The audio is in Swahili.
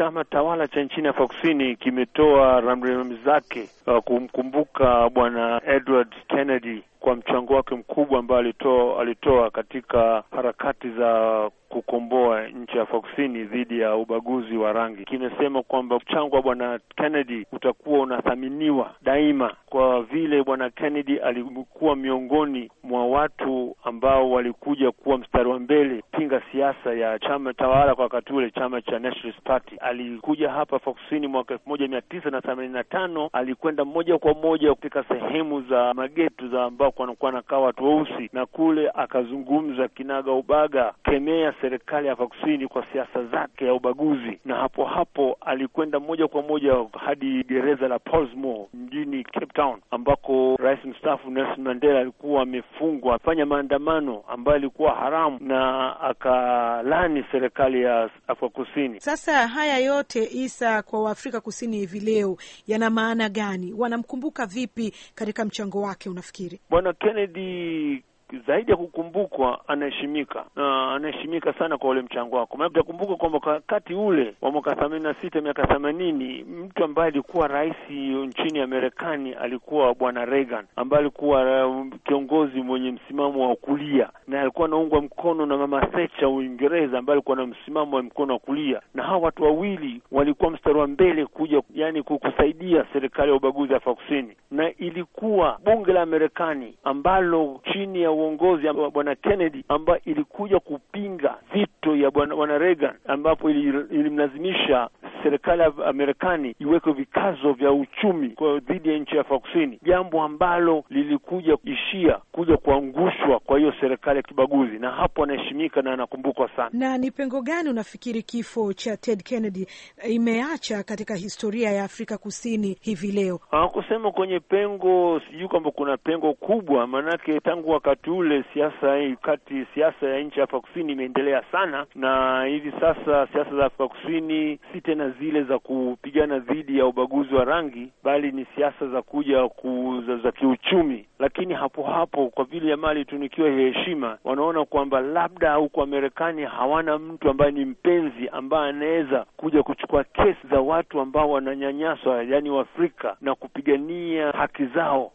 chama tawala cha nchini Afrika Kusini kimetoa rambirambi zake uh, kumkumbuka bwana Edward Kennedy kwa mchango wake mkubwa ambaye alitoa alitoa katika harakati za kukomboa nchi ya Afrika Kusini dhidi ya ubaguzi wa rangi. Kimesema kwamba mchango wa bwana Kennedy utakuwa unathaminiwa daima, kwa vile bwana Kennedy alikuwa miongoni mwa watu ambao walikuja kuwa mstari wa mbele pinga siasa ya chama tawala kwa wakati ule, chama cha Nationalist Party. Alikuja hapa Afrika Kusini mwaka elfu moja mia tisa na themanini na tano. Alikwenda moja kwa moja katika sehemu za magetu za ambao kwanakuwa nakaa watu weusi, na kule akazungumza kinaga ubaga, kemea serikali ya Afrika Kusini kwa siasa zake ya ubaguzi, na hapo hapo alikwenda moja kwa moja hadi gereza la Portsmouth mjini Cape Town, ambako rais mstaafu Nelson Mandela alikuwa amefungwa afanya maandamano ambayo alikuwa haramu, na akalani serikali ya Afrika Kusini. Sasa haya yote Isa, kwa Waafrika Kusini hivi leo yana maana gani? Wanamkumbuka vipi katika mchango wake, unafikiri Bwana Kennedy? zaidi ya kukumbukwa, anaheshimika na anaheshimika sana kwa ule mchango wako. Maana utakumbuka kwamba wakati ule wa mwaka themanini na sita miaka themanini mtu ambaye alikuwa rais nchini ya Marekani alikuwa bwana Reagan, ambaye alikuwa uh, kiongozi mwenye msimamo wa kulia na alikuwa anaungwa mkono na mama Thatcher Uingereza, ambaye alikuwa na msimamo wa mkono wa kulia, na hawa watu wawili walikuwa mstari wa mbele kuja, yani kusaidia serikali ya ubaguzi Afrika Kusini, na ilikuwa bunge la Marekani ambalo chini ya uongozi uongozi wa bwana Kennedy ambayo ilikuja kupinga vito ya bwana Reagan ambapo ilimlazimisha serikali ya Marekani iweke vikazo vya uchumi kwa dhidi ya nchi ya Afrika Kusini, jambo ambalo lilikuja ishia kuja kuangushwa kwa hiyo serikali ya kibaguzi, na hapo anaheshimika na anakumbukwa sana. Na ni pengo gani unafikiri kifo cha Ted Kennedy eh, imeacha katika historia ya Afrika Kusini hivi leo? Hakusema kwenye pengo, sijui kwamba kuna pengo kubwa, maanake tangu wakati ule siasa hii eh, kati siasa ya nchi ya Afrika Kusini imeendelea sana, na hivi sasa siasa za Afrika Kusini si tena zile za kupigana dhidi ya ubaguzi wa rangi, bali ni siasa za kuja kuza za kiuchumi. Lakini hapo hapo, kwa vile ya mali tunikiwa heshima, wanaona kwamba labda huko Marekani hawana mtu ambaye ni mpenzi ambaye anaweza kuja kuchukua kesi za watu ambao wananyanyaswa, yaani Waafrika na kupigania haki zao.